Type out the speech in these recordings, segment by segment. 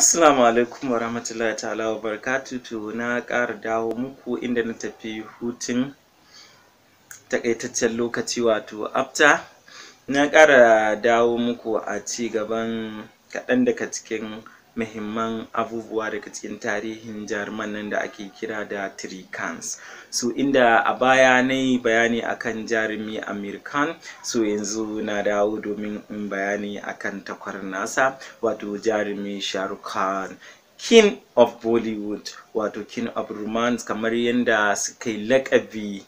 Assalamu alaikum warahmatullahi ta'ala wa barakatuhu na ƙara dawo muku inda na tafi hutun takaitaccen lokaci wato after na ƙara dawo muku a ci gaban kaɗan daga cikin muhimman abubuwa daga cikin tarihin jaruman nan da ake kira da Trikans. cans so inda a baya na yi bayani akan jarumi American, so yanzu na dawo domin in bayani akan takwar nasa wato jarumi sharukan). khan king of bollywood wato king of romance kamar yadda suka yi lakabi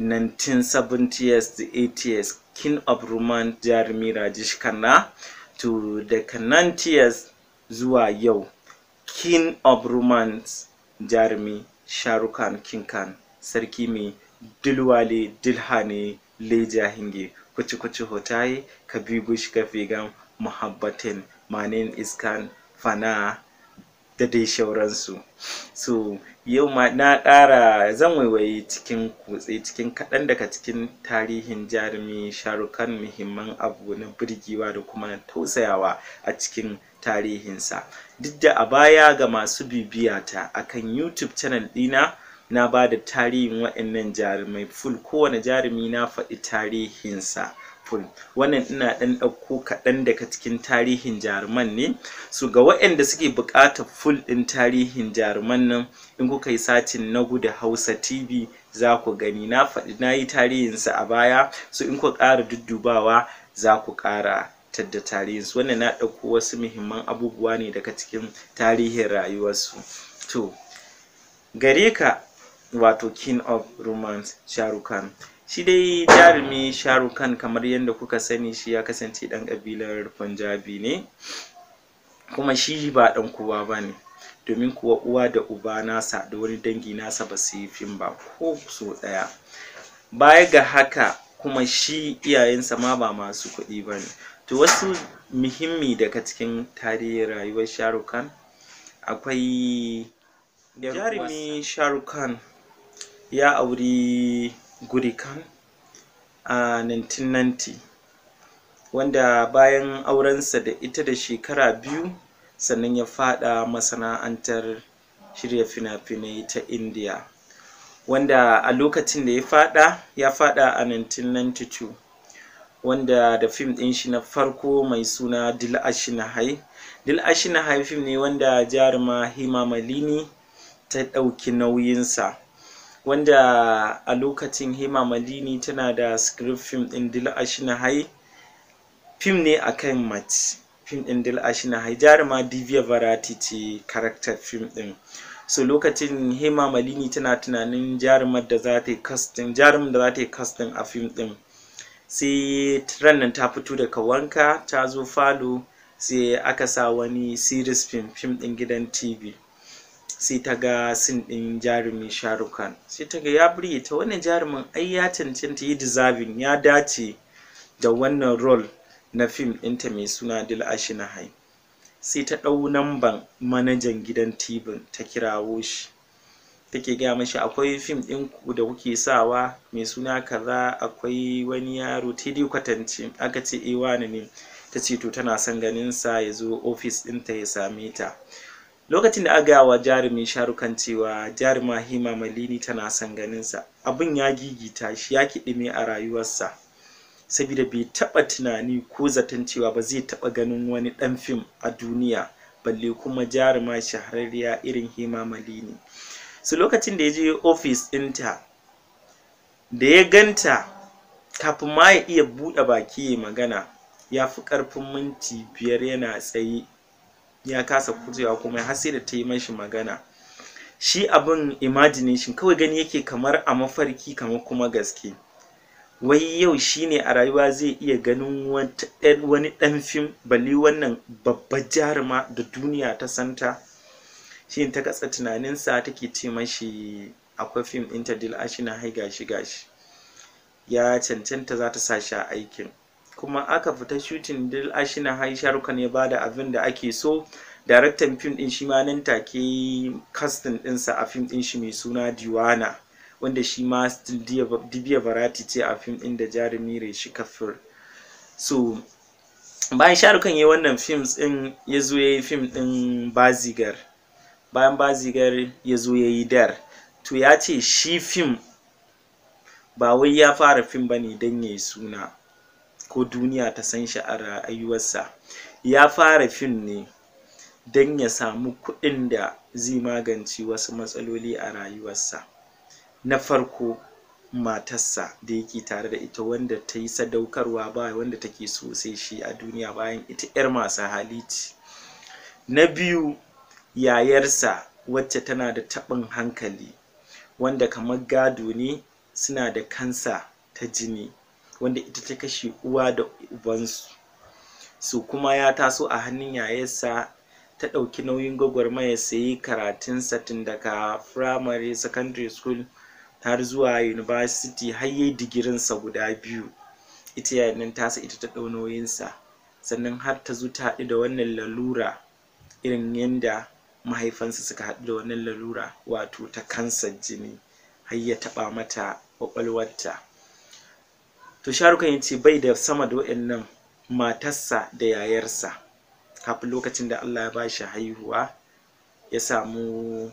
1970s da 80s king of romance jarumi rajesh khanna to the 90s zuwa yau king of romance jarumi sharukan kinkan sarki mai dilwale dilhane leja hinge kuci kuci hotaye ka bi gush ka vegan muhabbatin manin iskan fana da dai shauransu so yau ma na ƙara zan waiwayi cikin kutse cikin kaɗan daga cikin tarihin jarumi sharukan muhimman abu na birgewa da kuma na tausayawa a cikin tarihinsa duk da a baya ga masu bibiya ta akan youtube channel ɗina na ba da tarihin waɗannan jarumai full kowane jarumi na faɗi tarihinsa Liverpool wannan ina ɗan ɗauko kaɗan daga cikin tarihin jaruman ne su ga waɗanda suke buƙatar full ɗin tarihin jaruman nan in kuka yi satin na gudu Hausa TV za ku gani na faɗi na yi tarihinsa a baya so in ku ƙara duddubawa za ku ƙara tadda tarihinsu wannan na ɗauko wasu muhimman abubuwa ne daga cikin tarihin rayuwarsu to gare ka wato king of romance sharukan shi dai jarumi sharukan kamar yadda kuka sani shi ya kasance ɗan kabilar punjabi ne kuma shi ba ɗan kowa ba ne domin kuwa uwa da uba nasa da wani dangi nasa ba su yi fim ba ko so ɗaya baya ga haka kuma shi iyayensa ma ba masu kuɗi ba ne to wasu muhimmi daga cikin tarihin rayuwar sharukan akwai jarumi sharukan ya auri Gurikan a 1990 wanda bayan aurensa da ita da shekara biyu sannan ya faɗa masana'antar shirya fina-finai ta indiya wanda a lokacin da ya faɗa ya faɗa a 1992 wanda da fim ɗin shi na farko mai suna dil ashinahai dil ashinahai fim ne wanda jaruma hima ta ɗauki nauyinsa wanda a lokacin Hema Malini tana da script film ɗin Dil Ashina Hai film ne akan mat film ɗin Dil Ashina Hai jaruma Divya Varati ce character film ɗin so lokacin Hema Malini tana tunanin jarumar da za ta yi casting jarumin da za ta yi casting a film ɗin sai rannan ta fito daga wanka ta zo falo sai aka sa wani series film film ɗin gidan TV sai ta ga sin ɗin jarumi sharukan sai ta ga ya burge ta wannan jarumin ai ya cancanta yi deserving ya dace da wannan role na fim ɗinta mai suna dil ashinahai sai ta ɗau namban manajan gidan tibin ta kirawo shi take gaya mashi akwai fim ɗin ku da kuke sawa mai suna kaza akwai wani yaro ta dai kwatance aka ce eh wani ne ta ce to tana son ganin sa ya zo ofis ɗinta ya same ta lokacin da aka wa jarumi sharukan cewa jaruma hima malini tana son ganinsa abin ya gigita shi ya kiɗime a rayuwarsa saboda bai taɓa tunani ko zaton cewa ba zai taɓa ganin wani ɗan fim a duniya balle kuma jaruma shahararriya irin hima malini su lokacin da ya je ofis ɗinta da ya ganta kafin ma ya iya buɗe baki ya magana ya fi ƙarfin minti biyar yana tsaye ya kasa kujewa kuma har sai da ta yi mashi magana shi abin imagination kawai gani yake kamar a mafarki kamar kuma gaske wai yau shine a rayuwa zai iya ganin wani ɗan fim bali wannan babbar jaruma da duniya ta santa shi ta katsa sa take ce mashi akwai fim ta dil ashina hai gashi gashi ya cancanta za ta sa shi a aikin kuma aka fita shooting dil ashina hai sharukan ya bada abin da ake so daraktan fim din shi ma nan take casting dinsa a fim din shi mai suna diwana wanda shi ma still dibiya barati ce a fim din da jarumi shi kafir so bayan sharukan ya wannan fim din ya zo ya yi fim din bazigar bayan bazigar ya zo ya yi dar to ya ce shi fim ba wai ya fara fim ba ne don ya yi suna ko duniya ta san shi a rayuwarsa ya fara fim ne don ya samu kuɗin da zai magance wasu matsaloli a rayuwarsa na farko matarsa da yake tare da ita wanda ta yi sadaukarwa ba wanda take so sai shi a duniya bayan ita 'yar masu halici na biyu yayarsa wacce tana da taɓin hankali wanda kamar gado ne suna da kansa ta jini wanda ita ta kashe uwa da ubansu su kuma ya taso a hannun yayarsa ta ɗauki nauyin gwagwarmayar sayi karatun satin daga firamare secondary school har zuwa university har yi digirinsa guda biyu ita yayin sa ita ta ɗau nauyinsa sannan har ta zo ta haɗu da wannan lalura irin yadda mahaifansa suka haɗu da wannan lalura wato ta kansar jini har ya taɓa mata ƙwaƙwalwarta to sharukan ya ce bai da sama da waɗannan matarsa da yayarsa kafin lokacin da allah ya ba shi haihuwa ya samu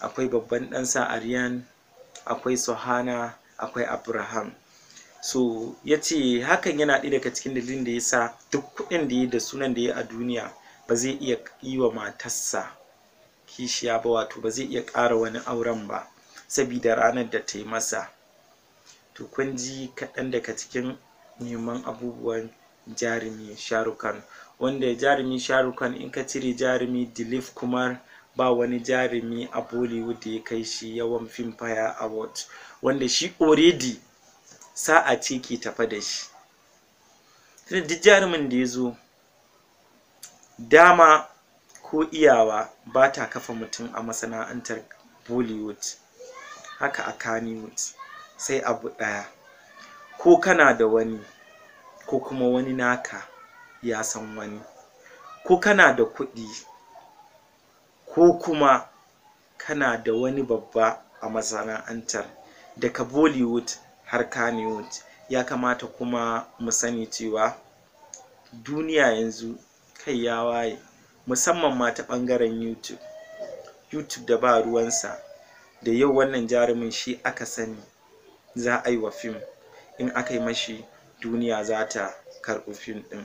akwai babban ɗansa aryan akwai sohana akwai abraham so ya ce hakan yana ɗaya daga cikin dalilin da ya sa duk kuɗin da ya da sunan da ya a duniya ba zai iya yi wa matarsa kishiya ba wato ba zai iya ƙara wani auren ba sabida ranar da ta yi masa to kun ji kaɗan daga cikin muhimman abubuwan jarumi sharukan wanda jarumi sharukan in ka cire jarumi dilif kuma ba wani jarumi a bollywood da ya kai shi yawan faya award wanda shi already sa'a ce ke tafa da shi tunda duk jarumin da ya zo dama ko iyawa ba ta kafa mutum a masana'antar bollywood haka a kannywood sai abu ɗaya ko kana da wani ko kuma wani naka ya san wani ko kana da kuɗi ko kuma kana da wani babba a masana'antar daga bollywood har kannywood ya kamata kuma mu sani cewa duniya yanzu kai ya waye musamman ma ta ɓangaren youtube youtube da ba ruwansa da yau wannan jarumin shi aka sani za a yi wa fim in aka yi mashi duniya za ta karɓi fim ɗin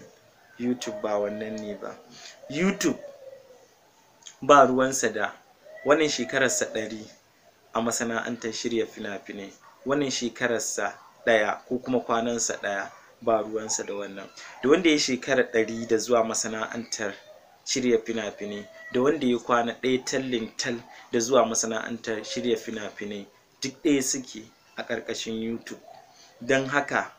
youtube ba wannan ne ba youtube ba ruwansa da wannan shekararsa ɗari a masana'antar shirya fina-finai wannan shekararsa ɗaya ko kuma kwanansa ɗaya ba ruwansa da wannan da wanda ya shekara ɗari da zuwa masana'antar shirya fina-finai da wanda ya kwana ɗaya tallin tal da zuwa masana'antar shirya fina-finai duk ɗaya suke a ƙarƙashin youtube don haka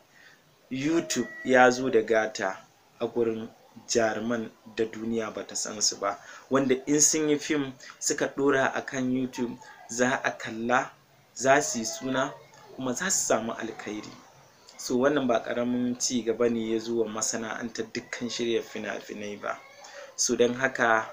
youtube ya zo da gata a gurin jaruman da duniya ba ta san su ba wanda in sun yi fim suka ɗora a kan youtube za a kalla za su yi suna kuma za su samu alkhairi so wannan ba ƙaramin ci gaba ne ya zo wa masana'antar dukkan shirya fina-finai ba so don haka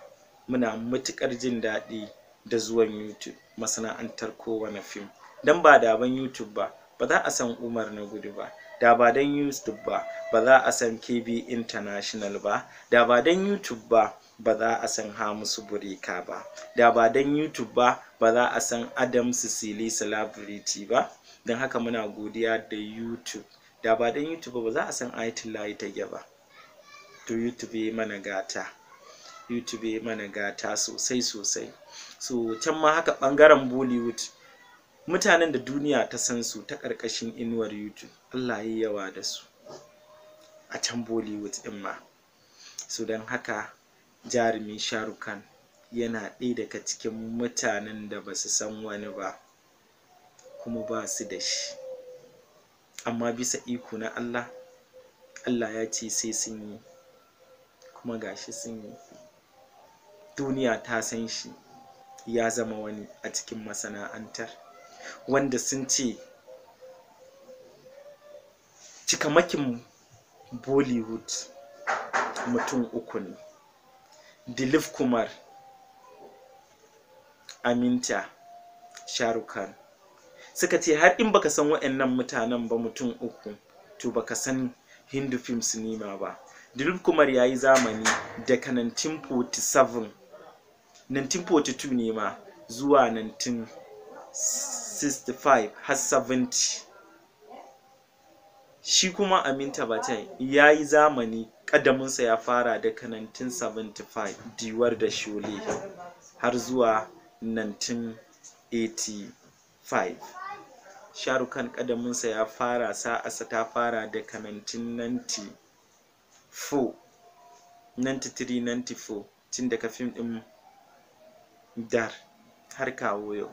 muna matuƙar jin daɗi da zuwan youtube masana'antar kowane fim dan ba da ban YouTube ba ba za a san Umar na gudu ba da ba dan YouTube ba ba za a san KB International ba da ba dan YouTube ba ba za a san Hamisu Burika ba da ba dan YouTube ba ba za a san Adam Sicily Celebrity ba don haka muna godiya da YouTube da ba dan YouTube ba za a san Aitullahi Tage ba to YouTube mana gata YouTube mana gata sosai sosai so can ma haka bangaren Bollywood mutanen da duniya ta san su ta ƙarƙashin inuwar youtube allah ya yi yawa da su a can bollywood ɗin ma su don haka jarumi sharukan yana ɗaya daga cikin mutanen da ba su san wani ba kuma ba su da shi amma bisa iko na allah allah ya ce sai sun yi kuma gashi sun yi duniya ta san shi ya zama wani a cikin masana'antar wanda sun ce cikamakin bollywood mutum uku ne dilif kumar aminta sharukan suka ce har in baka san waɗannan mutanen ba mutum uku to baka san hindu film sinima ba dilif kumar ya yi zamani daga 1947 1942 ne ma zuwa 19 65 har 70 shi kuma aminta batai ya yi zamani ƙadaminsa ya fara da 1975 diwar da shole har zuwa 1985 sharukan ƙadaminsa ya fara sa'asa ta fara da 1994 93-94 tun daga fim ɗin dar har kawo yau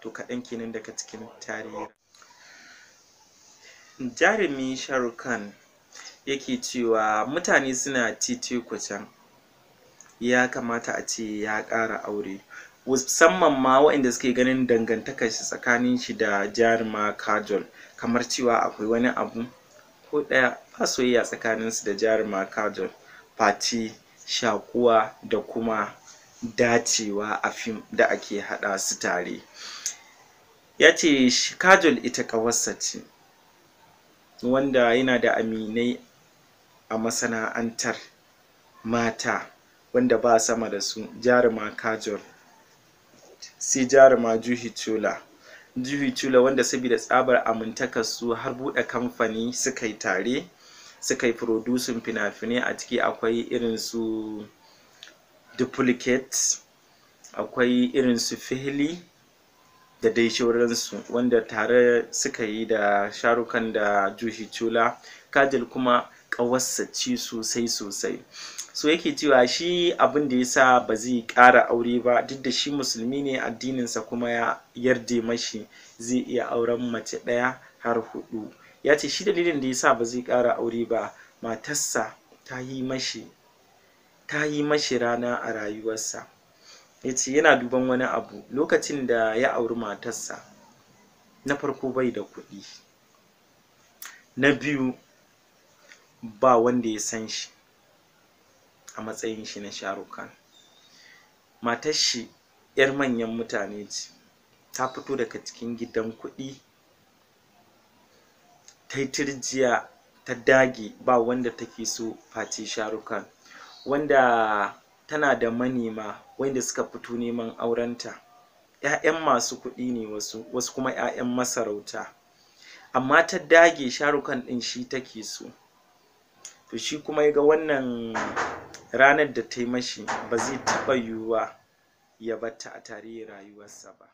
to kaɗan kenan daga cikin tarihi jarumi sharukan yake cewa mutane suna titi kucan, ya kamata a ce ya ƙara aure musamman ma waɗanda suke ganin dangantakar shi tsakanin shi da jaruma kajol kamar cewa akwai wani abu ko ɗaya ba soyayya tsakanin su da jaruma kajol fati shakuwa da kuma dacewa a fim da ake hada su tare ya ce kajol ita kawarsa ce wanda yana da aminai a masana'antar mata wanda ba sama da su jaruma kajol sai jaruma juhi chula juhi chula wanda saboda tsabar amintakar su har bude kamfani suka yi tare suka yi furodusun fina-finai a ciki akwai irin su duplicate akwai irin su fihili da dai shauransu wanda tare suka yi da sharukan da jushi cula kajal kuma ƙawarsa ci sosai sosai so yake cewa shi abin da yasa ba zai ƙara aure ba duk da shi musulmi ne addininsa kuma ya yarda mashi zai iya auren mace ɗaya har hudu ya ce shi dalilin da yasa ba zai ƙara aure ba matarsa ta yi mashi ta yi mashi rana a rayuwarsa ya ce yana duban wani abu lokacin da ya auri matarsa na farko bai da kuɗi na biyu ba wanda ya san shi a matsayin shi na sharukan matar shi 'yar manyan mutane ce ta fito daga cikin gidan kuɗi ta yi turjiya ta dage ba wanda take so face sharukan wanda tana da manema wanda suka fito neman aurenta ‘ya'yan masu kuɗi ne wasu wasu kuma ‘ya'yan masarauta amma ta dage sharukan ɗin shi take so to shi kuma ya ga wannan ranar da ta yi mashi ba zai taɓa yiwuwa ya batta a tarihin rayuwarsa ba